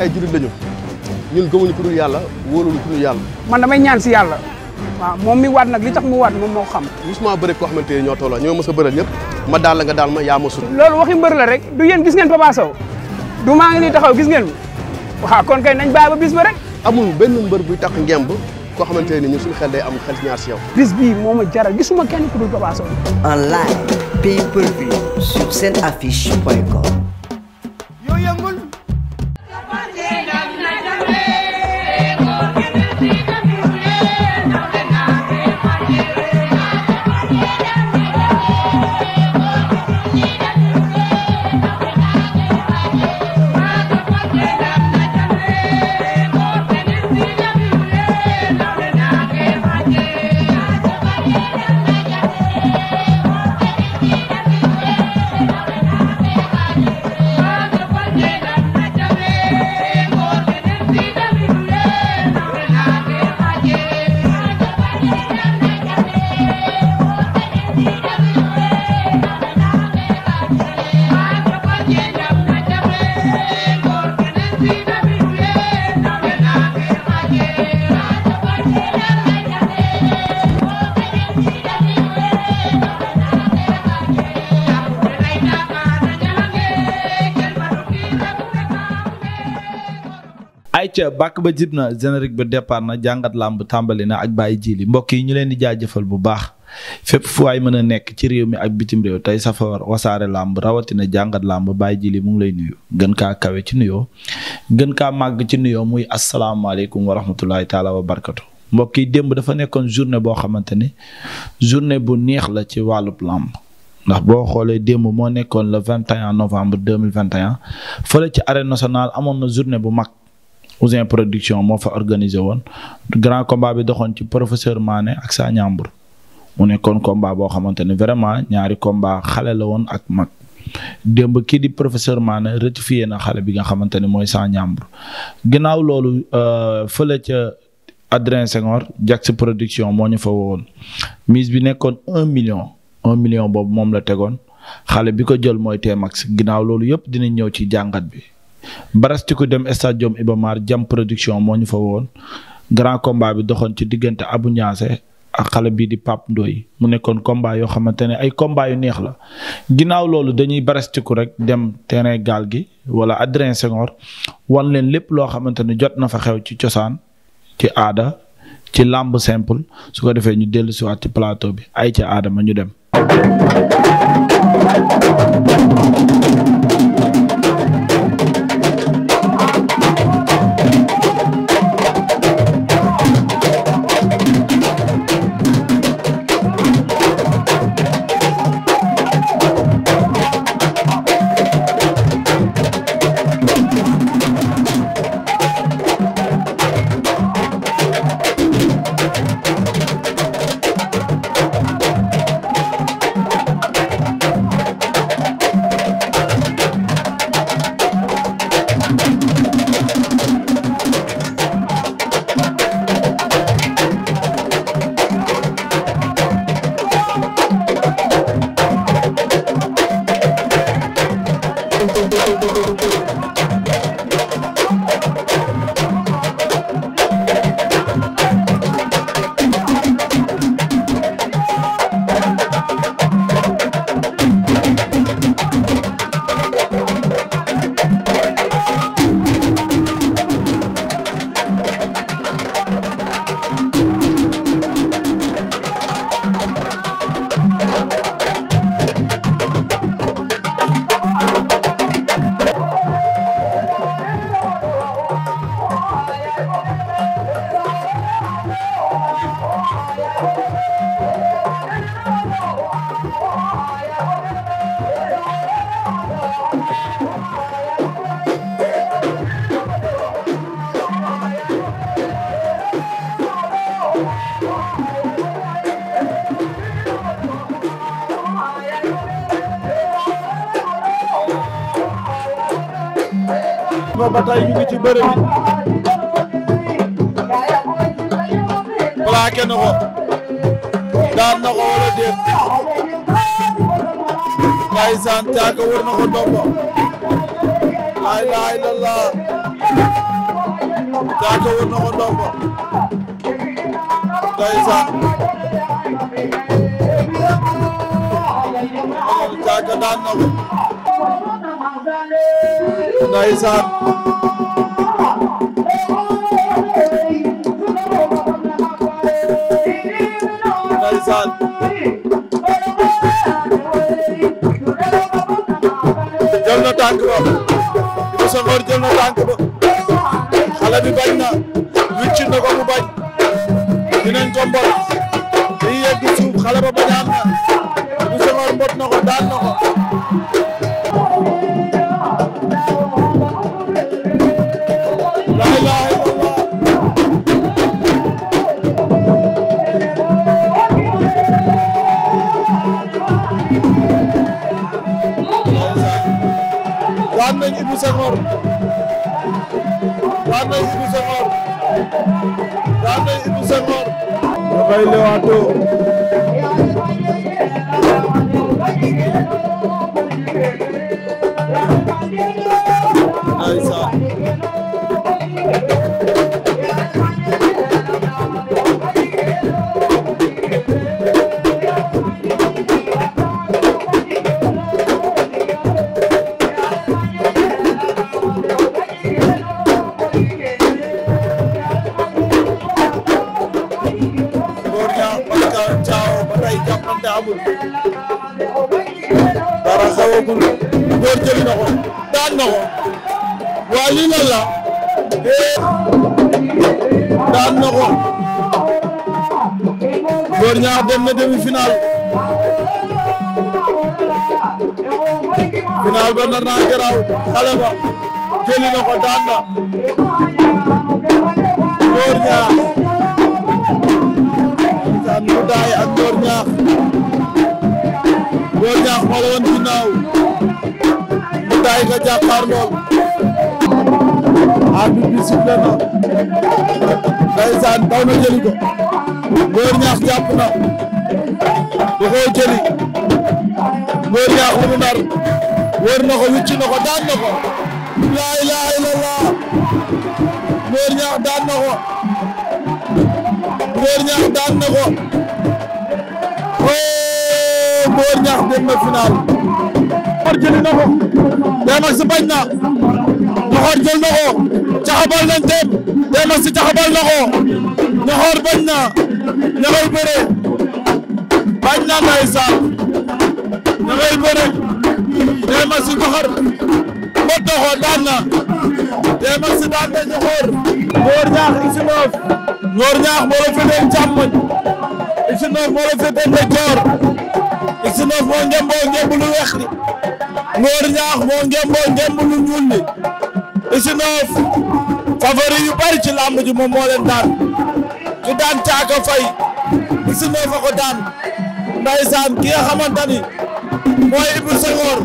ay jullit lañu ñun gëmuñu ku dul yàlla wóoluñu ku dul yàlla. man damay ñaan si yàlla. waaw moom mi waat nag li tax mu waat moom moo xam. gisuma bëri koo xamante ne ñoo tolloo ñoo mës a bëral ñëpp ma daal la nga ma yaa ma sut. loolu waxi mbër la rek du yéen gis ngeen Papa Sow du taxaw gis ngeen waaw kon kay nañ bàyyi ba bis amul benn mbër buy tax ngemb koo xamante ne ñun suñu xel day am xel ñaar si yow. bis bii moo ma jaral gisuma kenn ku dul Papa Sow. en live pay per view sur seen affiche point acca bàkk ba jib na générique ba départ na jàngat làmb tàmbali na ak bàyyi jiili mbokk yi ñu leen di jëfal bu baax fépp fu waay mën a nekk ci réew mi ak bitim réew tey safar wasaare làmb rawatina jàngat làmb bàyyi jiili mu ngi lay nuyu gën kaa kawe ci nuyoo gën kaa màgg ci nuyoo muy asalaamaaleykum wa rahmatullahi taala wa barkatu yi démb dafa nekkoon journée boo xamante ne journée bu neex la ci wàllub làmb ndax boo xoolee démb moo nekkoon le 21 novembre 2021 fële ci arène bu mag Ousin production moo fa organisé woon grand combat bi doxoon ci professeur maane ak saa ñàmbur mu nekkoon combat boo xamante ne vraiment ñaari combat xale la woon ak mag démb kii di professeur Mané rectifié na xale bi nga xamante ne mooy saa ñàmbur ginnaaw loolu euh, fële ca Adrien Senghor Jax production moo ñu fa woon mise bi nekkoon un million un million boobu moom la tegoon xale bi ko jël mooy Tmax ginaaw loolu yëpp dinañ ñëw ci jàngat bi. barastiku dem stade Iba Mar jam production moo ñu fa woon grand combat bi doxoon ci diggante Abou ñaase ak xale bii di Pape Ndoye mu nekkoon combat yoo xamante ne ay combat yu neex la ginnaaw loolu dañuy barastiku rek dem terrain gaal gi wala Adrien Senghor wan leen lépp loo xamante ne jot na fa xew ci cosaan ci aada ci làmb simple su ko defee ñu dellu si waat ci plateau bi ay ca aadama ñu dem ba tey ñu ngi ci bëre bi plaqué na daan na ko wala déet ndeysaan Caaka wër na ko laa ilaaha illallaah Caaka wër na ko ndombo ndeysaan daan na ndeysaan ndeysaan jël na tànk ba Ibou Senghor jël na tànk ba final la daan na ko Ngor Niakh dem na demi final final ba nar naa garaaw xale ba jëli na ko daan na Ngor Niakh daan mu daay ak Ngor Niakh Ngor Niakh ma la woon ginnaaw mu daay ka jàkkaar lool arbitre bi sifflé na ndeysaan daw na jëli ko Ngor Ñaax jàpp na da koy jëli Ngor Ñaax daan na ko laa ilaaha illallah Ngor daan na ko Ngor daan na ko oh Ngor Ñaax dem na final war jëli na ko dem bañ na loxoor jël na caxabal nañ dem dem caxabal na ko ñaxoor bañ na ña ngay bañ na ndeysaan na ko daan na dem si daan na ñaxoor ngoor ñaax X9 ngoor ñaax moo la féetee càmmoñ X9 moo la féetee ndeyjoor X9 moo ngemboo ngemb 19 favori yu bari ci làmb ji moom moo leen daan Caaka Fay 19 a ko daan ndaysaan ki nga xamante mooy Ibou Senghor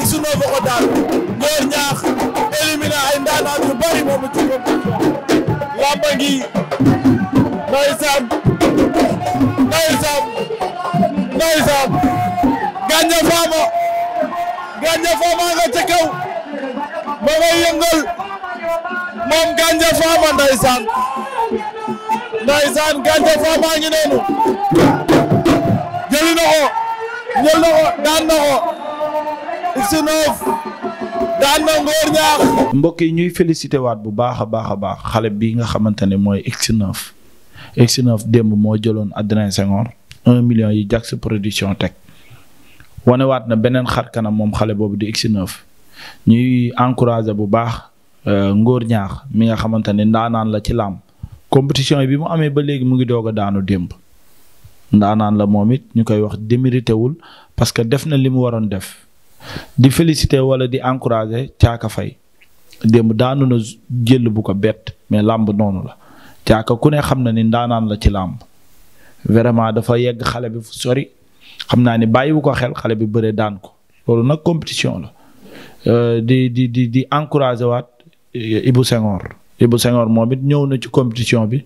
19 a ko daan ñaax éliminé ay ndaanaan yu bari moom ci ko làmb gi ndaysaan ndaysaan ndaysaan gànja faama gànja faama nga ca kaw ma yëngal moom Gandia Fama ndeysaan ndeysaan Gandia Fama ngi noonu jëli na ko jël na ko daan na Ngor Niakh mbokk yi ñuy félicité waat bu baax a baax a baax xale bi nga xamante ne mooy X9 démb moo jëloon Adrien Senghor un million yi Jax production teg waat na beneen xar kanam moom xale boobu di X9 ñuy encourager bu baax euh, ngóor ñaax mi nga xamante ne ndaanaan la ci làmb compétition bi mu amee ba léegi mu ngi doog a daanu démb ndaanaan la moom it ñu koy wax démérité wul parce que def na li mu waroon def di félicité wala di encourager caaka fay démb daanu na jël bu ko bett mais làmb noonu la caaka ku ne xam na ni ndaanaan la ci làmb vraiment dafa yegg xale bi fu sori xam naa ni bàyyiwu ko xel xale bi bëre daan ko loolu nag compétition la Euh, di di di di encouragé waat euh, Ibou Senghor Ibou Senghor moom it ñëw na ci compétition bi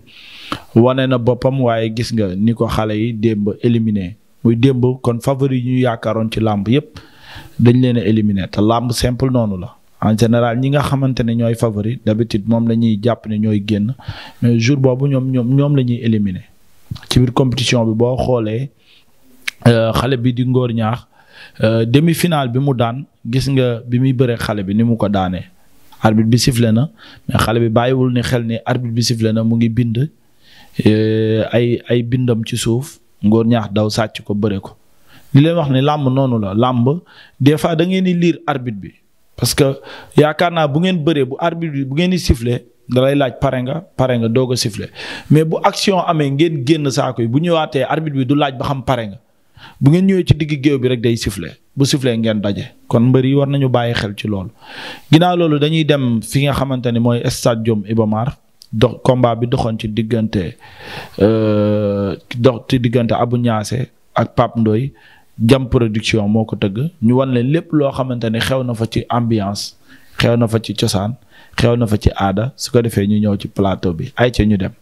wane na boppam waaye gis nga ni ko xale yi démb éliminé muy démb kon favori yi ñu yaakaaroon ci làmb yépp dañ leen a te làmb simple noonu la en général ñi nga xamante ne ñooy favori d'habitude moom la ñuy jàpp ne ñooy génn mais jour boobu ñoom ñoom ñoom la ñuy éliminé ci biir compétition bi boo xoolee euh, xale bi di ngoor ñaax demi-finale bi mu daan gis nga bi muy bëree xale bi ni mu ko daanee arbitre bi sifflé na mais xale bi bàyyiwul ni xel ni arbitre bi sifflé na mu ngi bind eh, ay ay bindam ci suuf ngoor ñaax daw sàcc ko bëre ko li leen wax ni làmb noonu la làmb des fois da ngeen di lire arbitre bi parce que yaakaar naa bu ngeen bëree bu arbitre bi bu ngeen di sifflé da laaj pare nga pare nga doog a sifflé mais bu action amee ngeen génn saako yi bu ñëwaatee arbitre bi du laaj ba xam pare nga bu ngeen ñëwee ci digg géew bi rek day sifflé bu siflee ngeen daje kon mbër yi war nañu bàyyi xel ci loolu ginnaaw loolu dañuy dem fi nga xamante ni mooy stadium Iba Mar dox combat bi doxoon ci diggante euh, dox ci diggante Abou Niasse ak Pape Ndoye jam production moo ko tëgg ñu wan leen lépp loo xamante ni xew na fa ci ambiance xew na fa ci cosaan xew na fa ci aada su ko defee ñu ñëw ci plateau bi ay ca ñu dem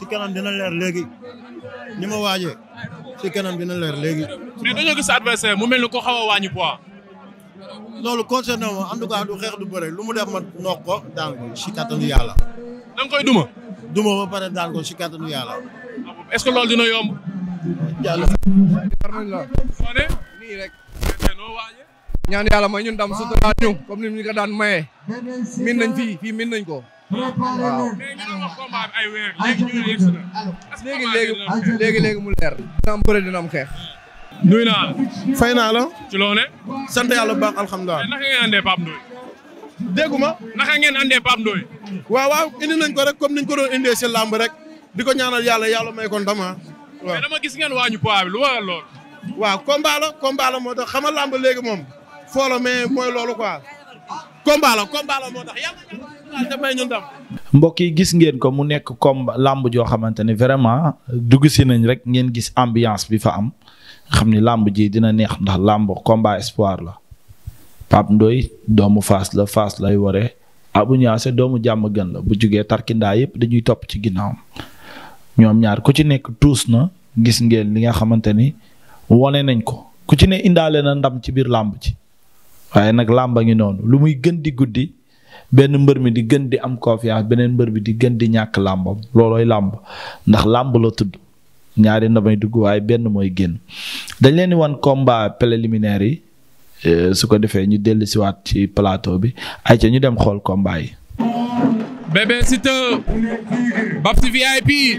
si kanam dina leer léegi ni ma waajee si kanam dina leer léegi. mais dañoo gis adversaire mu mel ni ko xaw a wàññi poids. loolu concerné ma en tout cas du xeex du bëre lu mu def ma noq ko daan ko si kattanu yàlla. da nga koy duma. duma ba pare daan ko si kattanu yàlla. est-ce que loolu dina yomb. yàlla. nii rek. ñaan yàlla may ñun dam sutura ñu comme ni ñu ko daan maye. min nañ fi fii min nañ ko. préparé leen léegi léegi léegi léegi mu leer. dina am bëre dina am xeex. nuyu naa la. fay naa la. ci loone sant yàlla bu baax alhamdulilah. naka ngeen andee Pape Ndoye. déggu ma. naka ngeen andee waaw waaw indi nañ ko rek comme niñ ko doon indee si làmb rek. di ko ñaanal yàlla yàlla may ko ah. waaw dama gis ngeen waañu poids bi lu waral lool. waaw combat la combat la moo tax xama làmb léegi moom. foo la mooy loolu ko quoi. combat la combat mbokk yi gis ngeen ko mu nekk combat làmb joo xamante ne vraiment dugg si nañ rek ngeen gis ambiance bi fa am xam ni làmb ji dina neex ndax làmb combat espoir la Pape Ndoye doomu Fass la faas lay ware abu Niasse doomu jàmm gën la bu jugee tarkindaa yëpp dañuy topp ci ginnaawam ñoom ñaar ku ci nekk tuus na gis ngeen li nga xamante ni wone nañ ko ku ci ne indaale na ndam ci biir làmb ji waaye nag làmba ngi noonu lu muy gën di guddi benn mbër mi di gën di am confiance beneen mbër bi di gën di ñàkk làmbam loolooy làmb ndax làmb la tudd ñaari ndamay dugg waaye benn mooy génn dañ leen di wan combat préliminaire yi euh, su ko defee ñu dellu siwaat ci plateau bi ay ca ñu dem xool combat yi Bébé Siteu Babsi VIP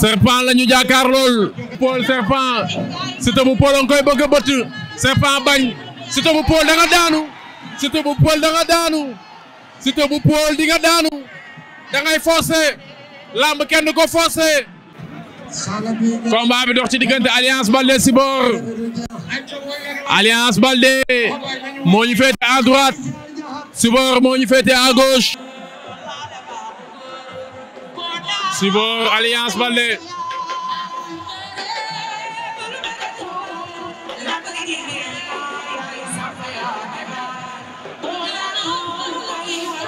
serpent la ñu jàkkaar lool Paul serpent Siteu bu Paul danga koy bëgg a bëtt bañ Siteu bu Paul danga daanu Siteu bu Paul danga daanu Siteu dangay forcer làmb kenn ko forcer combat bi dox ci diggante Alliance Baldé Sibor Alliance Baldé moo ñu féete droite Sibor moo ñu féete gauche Sibor Alliance Baldé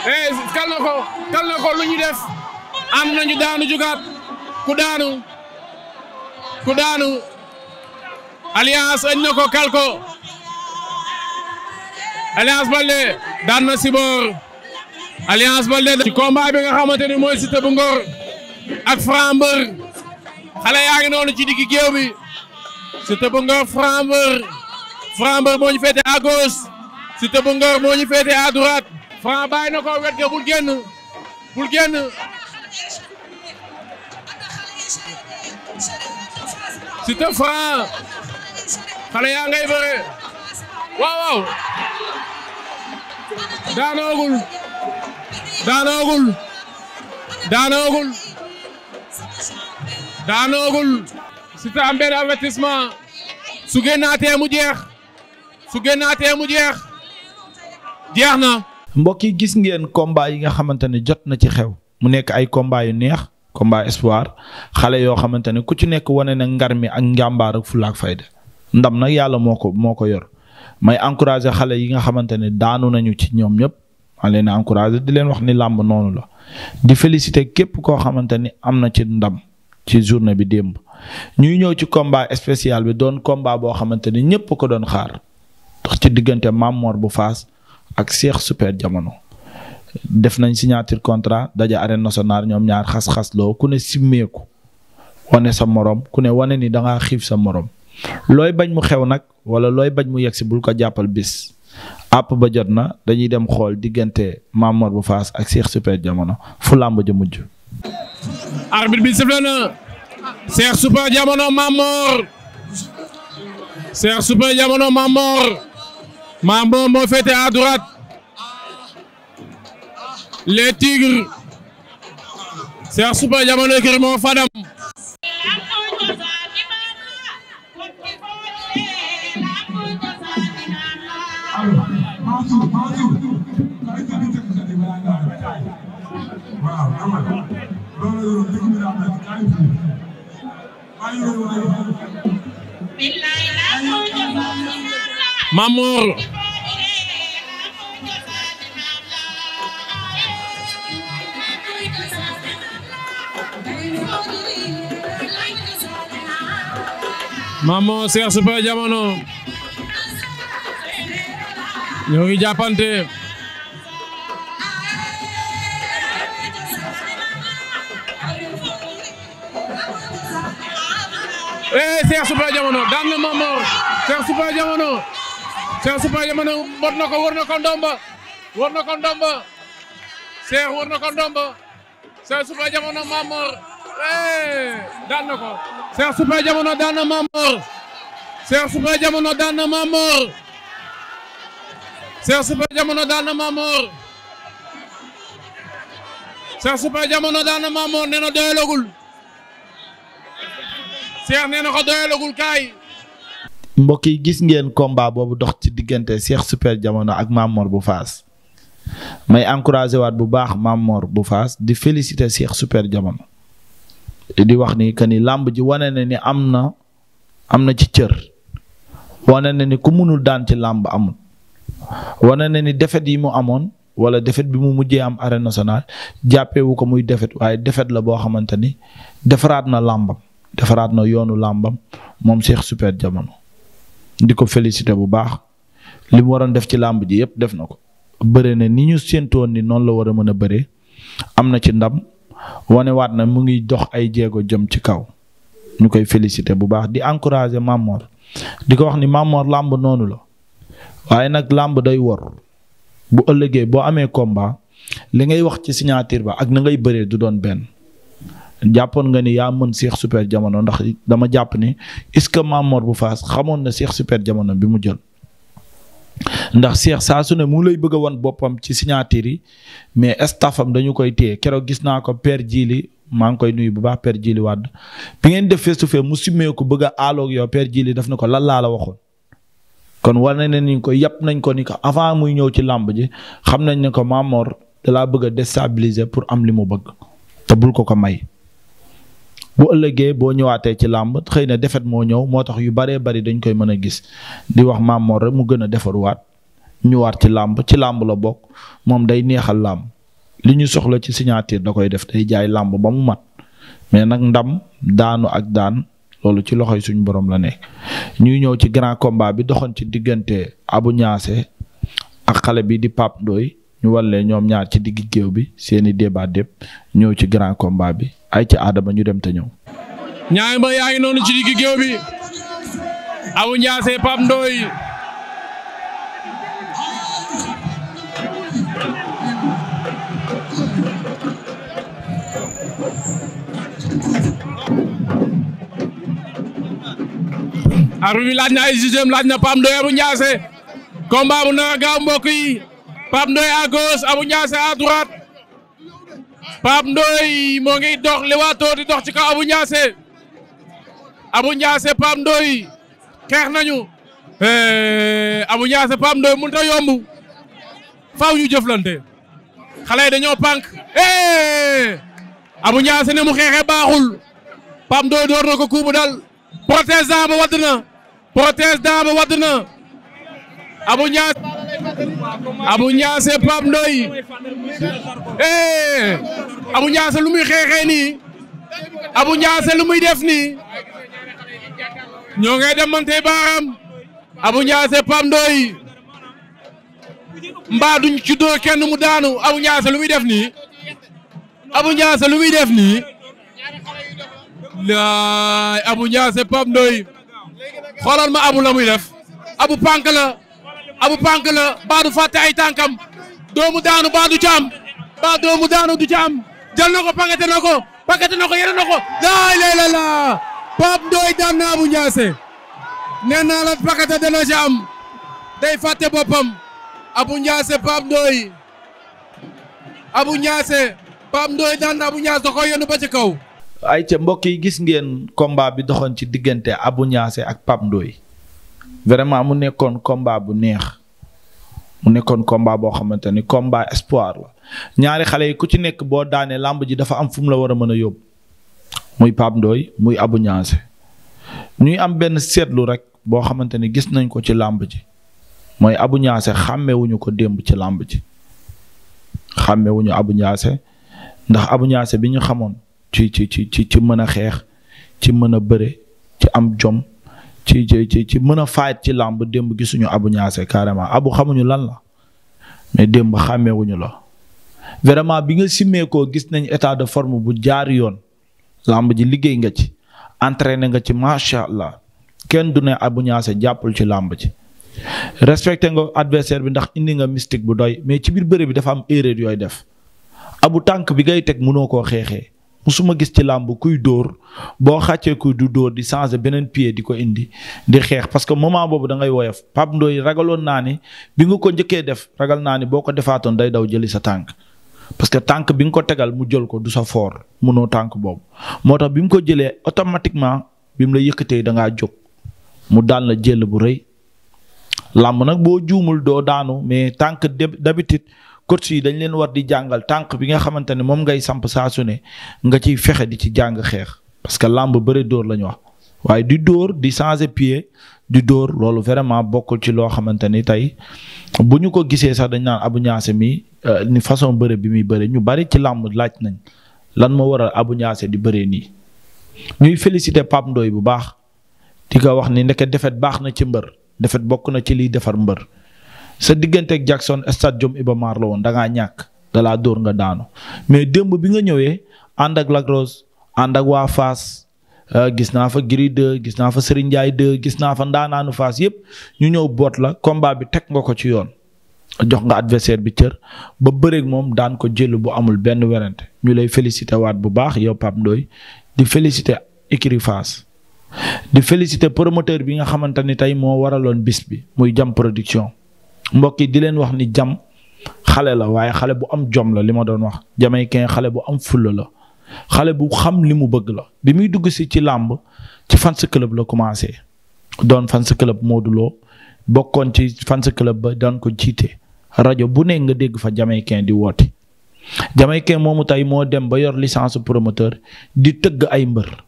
eh kal na ko kal def am nañu daanu jugaat ku daanu ku daanu Alliance añ ko kal ko Alliance Baldé daan na Sibor Alliance Baldé ci combat bi nga xamante ni mooy Siteu bu ak Franc Mbeur ngi noonu ci diggi géew bi Siteu bu Ngor Franc Mbeur féete à gauche Siteu bu féete à droite na ko wet ga bul génn bul génn ngay bëre waaw waaw daanoogul daanoogul daanoogul daanoogul Siteu am benn avertissement su génnaatee mu jeex su génnaatee mu jeex na. mbokk yi gis ngeen combat yi nga xamante ne jot na ci xew mu nekk ay combat yu neex combat espoir xale yoo xamante ne ku ci nekk wane na ngar mi ak njàmbaar ak fulla ak ndam na yàlla moo ko moo ko yor may encourager xale yi nga xamante ne daanu nañu ci ñoom ñëpp maa leen encourager di leen wax ni làmb noonu la. di félicité képp koo xamante ni am na ci ndam ci journée bi démb ñuy ñëw ci combat spécial bi doon combat boo xamante ni ñëpp ko doon xaar ndax ci diggante Mamor bu Faas ak Cheikh Super Jamono. def nañ signature contrat daje arène nationale ñoom ñaar xas-xas loo ku ne simmeeku wane sa moroom ku ne wane ni da ngaa xiif sa morom looy bañ mu xew nag wala looy bañ mu yegsi bul ko jàppal bés àpp ba jot na dañuy dem xool diggante Mamor bu Faas ak Cheikh Super Jamono fu làmb ja mujj. arbitre bi sifflé na Cheikh Super Jamono Mamor Cheikh moo féete à droite les tigres Cheikh Super Jamono kër Mansour Mansour ay ci biir tekki xale yi balaa ngaa def waaw xam nga loolu yow dëgg bi daa mel ay fi ay yow ay Mamour Mamour Cheikh Super Diamono ñoo ngi jàppante eh Cheikh Super Diamono daan na Mamor Cheikh Super Diamono na ko war na ko ndomba war na ko ndomba Cheikh war na ko ndomba Cheikh Super Diamono Mamor eh, daan na ko Cheikh Super daan na Mamor Cheikh Super Diamono daan na Mamor Cheikh Super Diamono daan doyalagul Cheikh nee ko doyalagul kaay. mbokk yi gis ngeen combat boobu dox ci diggante Cheikh Super jamono ak Mamor bu Faas may encouragé waat bu baax Mamor bu Faas di féliciter Cheikh Super Diamono di wax ni que ni làmb ji wane na ni am na am na ci cër wane na ni ku mënul daan ci làmb amul. wane na ni defet yi mu amoon wala defet bi mu mujjee am arène nationale jàppewu ko muy defet waaye defet la boo xamante ni defaraat na làmbam defaraat na yoonu làmbam moom Cheikh Super Diamono di ko félicité bu baax li waroon def ci làmb ji yëpp def na ko bëre na ni ñu séentoon ni noonu la war a mën a bëree am na ci ndam wanewaat na mu ngi dox ay jéego jëm ci kaw ñu koy félicité bu baax di encouragé Mamor di ko wax ni Mamor làmb noonu la waaye nag làmb day wor bu ëllëgee boo amee komba li ngay wax ci signature ba ak na ngay bëree du doon benn jàppoon nga ni yaa mën Cheikh Super Jamono ndax dama jàpp ni est-ce que Mamor bu Faas xamoon na Cheikh Super Jamono bi mu jël ndax Cheikh saa su ne mu lay bëgg a wan boppam ci signature yi mais staffam dañu koy téye keroog gis naa ko Père jiili maa ngi koy nuyu bu baax Père Djili Wade bi ngeen def face to mu simmee ko bëgg a aaloog yow Père Djili daf na ko lan laa la waxoon kon wane ne ni ko yàpp nañ ko ni ko avant muy ñëw ci làmb ji xam nañ ne ko Mamor da laa bëgg a déstabiliser pour am li mu bëgg te bul ko ko may. bu ëllëgee boo ñëwaatee ci làmb xëy na defet moo ñëw moo tax yu baree bari dañ koy mën a gis di wax Mamor rek mu gën a defaruwaat ñëwaat ci làmb ci làmb la bokk moom day neexal làmb li ñu soxla ci signature da koy def day jaay làmb ba mu mat mais nag ndam daanu ak daan. loolu ci loxoy suñu boroom la nekk ñuy ñëw ci grand combat bi doxoon ci diggante Abu Ñaase ak xale bii di Pape Ndoye ñu wallee ñoom ñaar ci digg géew bi seeni débat dépp ñëw ci grand combat bi ay ci aadama ñu dem te ñëw ñaari mbër yaa ngi noonu ci digg géew bi Abu Ñaase Pape Ndoye arbitre bi laaj na laaj na Pape Ndoye Abou Ndiassé gaaw mbokk yi Pape Ndoye à gauche Abou Ndiassé à moo ngi dox li waa tooti dox ci kaw Abou Ndiassé Abou Ndiassé Pape Ndoye xeex nañu eh, Abou Ndiassé Pape Ndoye mënut a yomb faaw ñu jëflante xale yi dañoo pànk eh, Abou Ndiassé ne mu xeexee baaxul Pape Ndoye door ko kuubu dal protestant ba protège Dame wadd na Abou Niass Abou Niass Pape Ndoye eh lu muy xeexee ni Abou Niass lu muy def nii ñoo ngay demante baaraam Abou Niass Pape Ndoye mbaa duñ ci kenn mu daanu Abou ñaase lu muy def nii Abou ñaase lu muy def ni laay Abou Niass Pape Ndoye xoolal ma abu la muy abu pànk la abu pànk la baadu fàtte ay tànkam doomu daanu baadu caam ba doomu daanu du caam jël na ko pakete na ko pakete na ko yere na ko laa ilaaha illallaah Pape Ndoye daan na Abou Ndiassé nee naa la pakete dana ci am day fàtte boppam Abou Ndiassé Pape Ndoye Abou Ndiassé Pape Ndoye daan na Abou Ndiassé da ko yónnu ba ci kaw ay ca mbokk yi gis ngeen combat bi doxoon ci diggante abu ñaase ak Pape Ndoye vraiment mu nekkoon combat bu neex mu nekkoon combat boo xamante ni combat espoir la ñaari xale yi ku ci nekk boo daanee làmb ji dafa am fu mu la war a mën a yóbbu muy Pape muy Abou Niasse ñuy am benn seetlu rek boo xamante ni gis nañ ko ci làmb ji mooy Abou Niasse xàmmewuñu ko démb ci làmb ji xàmmewuñu abu Niasse ndax abu Niasse bi ñu xamoon ci ci ci ci mën a xeex ci mën a bëre ci am jom ci ci ci mën a faayit ci làmb démb gisuñu abu ñaase carrément abu xamuñu lan la mais démb xàmmeewuñu la vraiment bi nga simmee koo gis nañ état de forme bu jaar yoon làmb ji liggéey nga ci entraîné nga ci macha allah kenn du ne abu ñaase jàppul ci làmb ji respecté nga adversaire bi ndax indi nga mystique bu doy mais ci biir bëre bi dafa am erreur yooy def abu tànk bi ngay teg mënoo koo xeexee musuma gis ci làmb kuy dóor boo xàccee kuy du dóor di changer beneen pie di ko indi di xeex parce que moment boobu dangay ngay woyof Pape Ndoye ragaloon naa ni bi nga ko njëkkee def ragal naa ni boo ko defaatoon day daw jëli sa tànk. parce que tànk bi nga ko tegal mu jël ko du sa foor munoo tànk boobu moo tax bi mu ko jëlee automatiquement bi mu la yëkkatee da ngaa jóg mu daan la jël bu rëy làmb nag boo juumul doo daanu mais tànk d'habitude coach yi dañ leen war di jàngal tànk bi nga xamante ne moom ngay samp saa su ne nga ciy fexe di ci jàng xeex parce que làmb bëre dóor la ñu wax waaye di dóor di changer pied di dóor loolu vraiment bokkul ci loo xamante ni tey bu ñu ko gisee sax dañ naan Abou Niasse mi euh, ni façon bëre bi muy bëre ñu bari ci làmb laaj nañ lan moo waral Abou Niasse di bëree nii. ñuy féliciter Pape Ndoye bu baax di ko wax ni ndeke defet baax na ci mbër defet bokk na ci liy defar mbër. sa diggante digganteeg Jackson stade Jom Iba Mar la woon da ngaa ñàkk da laa dóor nga daanu mais démb bi nga ñëwee ànd ak Lagros ànd ak waa Fass euh, gis naa fa Gris 2 gis naa fa Serigne Ndiaye 2 gis naa fa ndaanaanu Fass yëpp ñu ñëw boot la combat bi teg nga ko ci yoon. jox nga adversaire bi cër ba bëreeg moom daan ko jël bu amul benn werante ñu lay félicité waat bu baax yow Pape Ndoye di félicité écurie Fass di félicité promoteur bi nga xamante ni tey moo waraloon bis bi muy jam production. mbokk yi di leen wax ni jam xale la waaye xale bu am jom la li ma doon wax jamaïcain xale bu am fulla la xale bu xam li mu bëgg la bi muy dugg si ci làmb ci fans club la commencé doon fans club Modou Lo bokkoon ci fans club ba daan ko jiite rajo bu ne nga dégg fa jamaïcain di woote jamaïcain moomu tey moo dem ba yor licence promoteur di tëgg ay mbër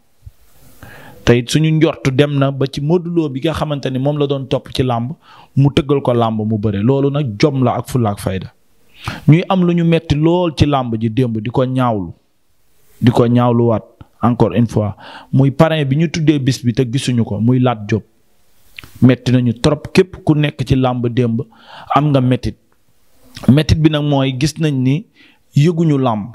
tey suñu njort dem na ba ci Modou bi nga xamante ni moom la doon topp ci làmb mu tëggal ko làmb mu bëre loolu nag jom la ak fulla ak fayda ñuy am lu ñu metti lool ci làmb ji démb di ko ñaawlu di ko ñaawluwaat encore une fois muy parrain bi ñu tuddee bis bi te gisuñu ko muy laat Diop metti nañu trop képp ku nekk ci làmb démb am nga mettit mettit bi nag mooy gis nañ ni yëguñu làmb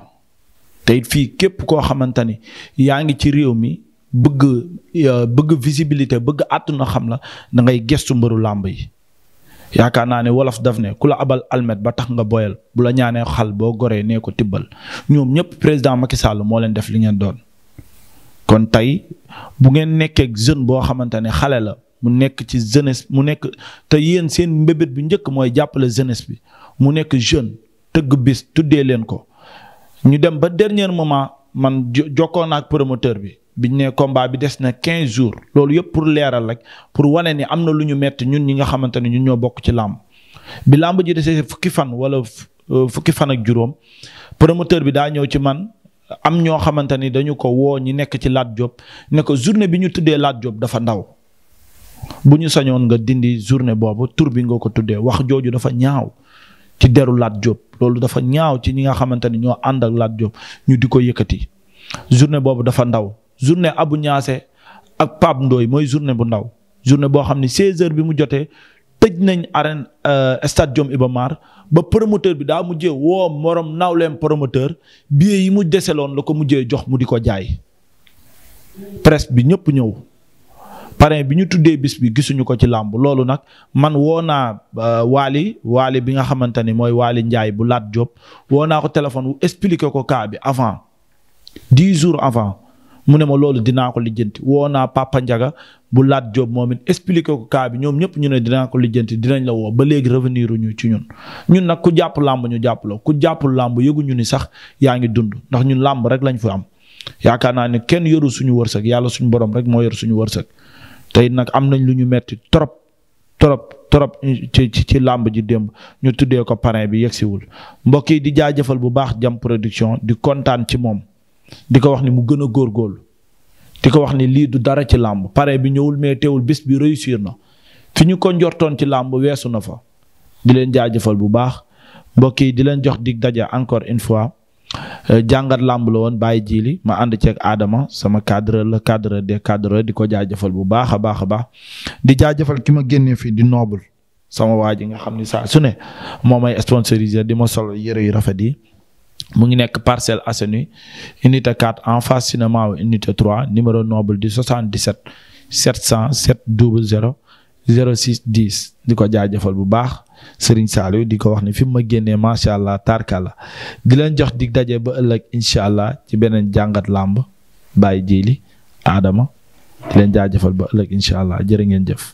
tey fii képp koo xamante ni yaa ngi ci réew mi bëgg bëgg visibilité bëgg àdduna xam la da ngay gestu mbëru làmb yi yaakaar naa ne wolof daf ne ku la abal almet ba tax nga boyal bu la ñaanee xal boo goree nee ko tibbal ñoom ñëpp président Macky Sall moo leen def li ngeen doon. kon tey bu ngeen nekkee jeune boo xamante ne xale la mu nekk ci jeunesse mu nekk te yéen seen mbébét bu njëkk mooy jàppale jeunesse bi mu nekk jeune tëgg bis tuddee leen ko ñu dem ba dernier moment man jokkoon ak promoteur bi. biñ ne combat bi des na quinze jours loolu yëpp pour leeral rek pour wane ni am na lu ñu metti ñun ñi nga xamante ne ñun ñoo bokk ci làmb bi làmb ji desee fukki fan wala euh, fukki fan ak juróom promoteur bi daa ñëw ci man am ñoo xamante ni dañu ko woo ñi nekk ci Lat Diop ne ko journée bi ñu tuddee Lat Diop dafa ndaw bu ñu sañoon nga dindi journée boobu tur bi nga ko tuddee wax jooju dafa ñaaw ci deru Lat Diop loolu dafa ñaaw ci ñi nga xamante ni ñoo ànd ak Lat Diop ñu di ko yëkkati journée boobu dafa ndaw journée Abu Ñaase ak Pape ndooy mooy journée bu ndaw journée boo xam ne 16h bi mu jotee tëj nañ arène euh, stade Diom Iba Mar ba promoteur bi daa mujjee woo morom nawleem promoteur bi yi mu deseloon la ko mujjee jox mu di ko jaay presse bi ñëpp ñëw. parrain bi ñu tuddee bis bi gisuñu ko ci làmb loolu nag man woo naa waali euh, waali bi nga xamante ni mooy waali Njaay bu laat Diop woo naa ko téléphone wu expliqué ko cas bi avant dix jours avant mu ne ma loolu dinaa ko lijjanti woo naa Papa bu Laat Diop moom it expliqué ko cas bi ñoom ñëpp ñu ne dinaa ko lijjanti dinañ la woo ba léegi revenir ñu ci ñun. ñun nag ku jàpp làmb ñu jàpp la ku jàppul làmb yëguñu ni sax yaa ngi dund ndax ñun làmb rek lañ fa am yaakaar naa ne kenn yoru suñu wërsëg yàlla suñu borom rek moo yor suñu wërsëg tey nag am nañ lu ñu metti trop trop trop ci ci làmb ji démb ñu tuddee ko parrain bi yegsiwul mbokk yi di jaajëfal bu baax jam production di kontaan ci moom. di ko wax ni mu gën a góorgóorlu di ko wax ni lii du dara ci làmb pare bi ñëwul mais teewul bis bi réussir na fi ñu ko njortoon ci làmb weesu na fa di leen jaajëfal bu baax mbokk yi di leen jox di daja encore une fois euh, jàngat làmb la woon bàyyi jiili ma ànd ceeg aadama sama cadre la cadre des cadre di ko jaajëfal bu baax a baax a baax di jaajëfal ki ma génnee fii di noobul sama waa ji nga xam ni saa su ne moo may sponsorisé di ma solo yëre yu rafet yi mu ngi nekk parcelle Assainies unité 4 en face cinéma unité 3 numéro noble di 77 707 00 06 10 di ko jaajëfal bu baax Serigne Saliou di ko wax ne fi mu ma génnee macha allah tarka la di leen jox di daje ba ëllëg incha allah ci beneen jàngat làmb bàyyi jiili aadama di leen jaajëfal ba ëllëg incha allah jërë ngeen jëf.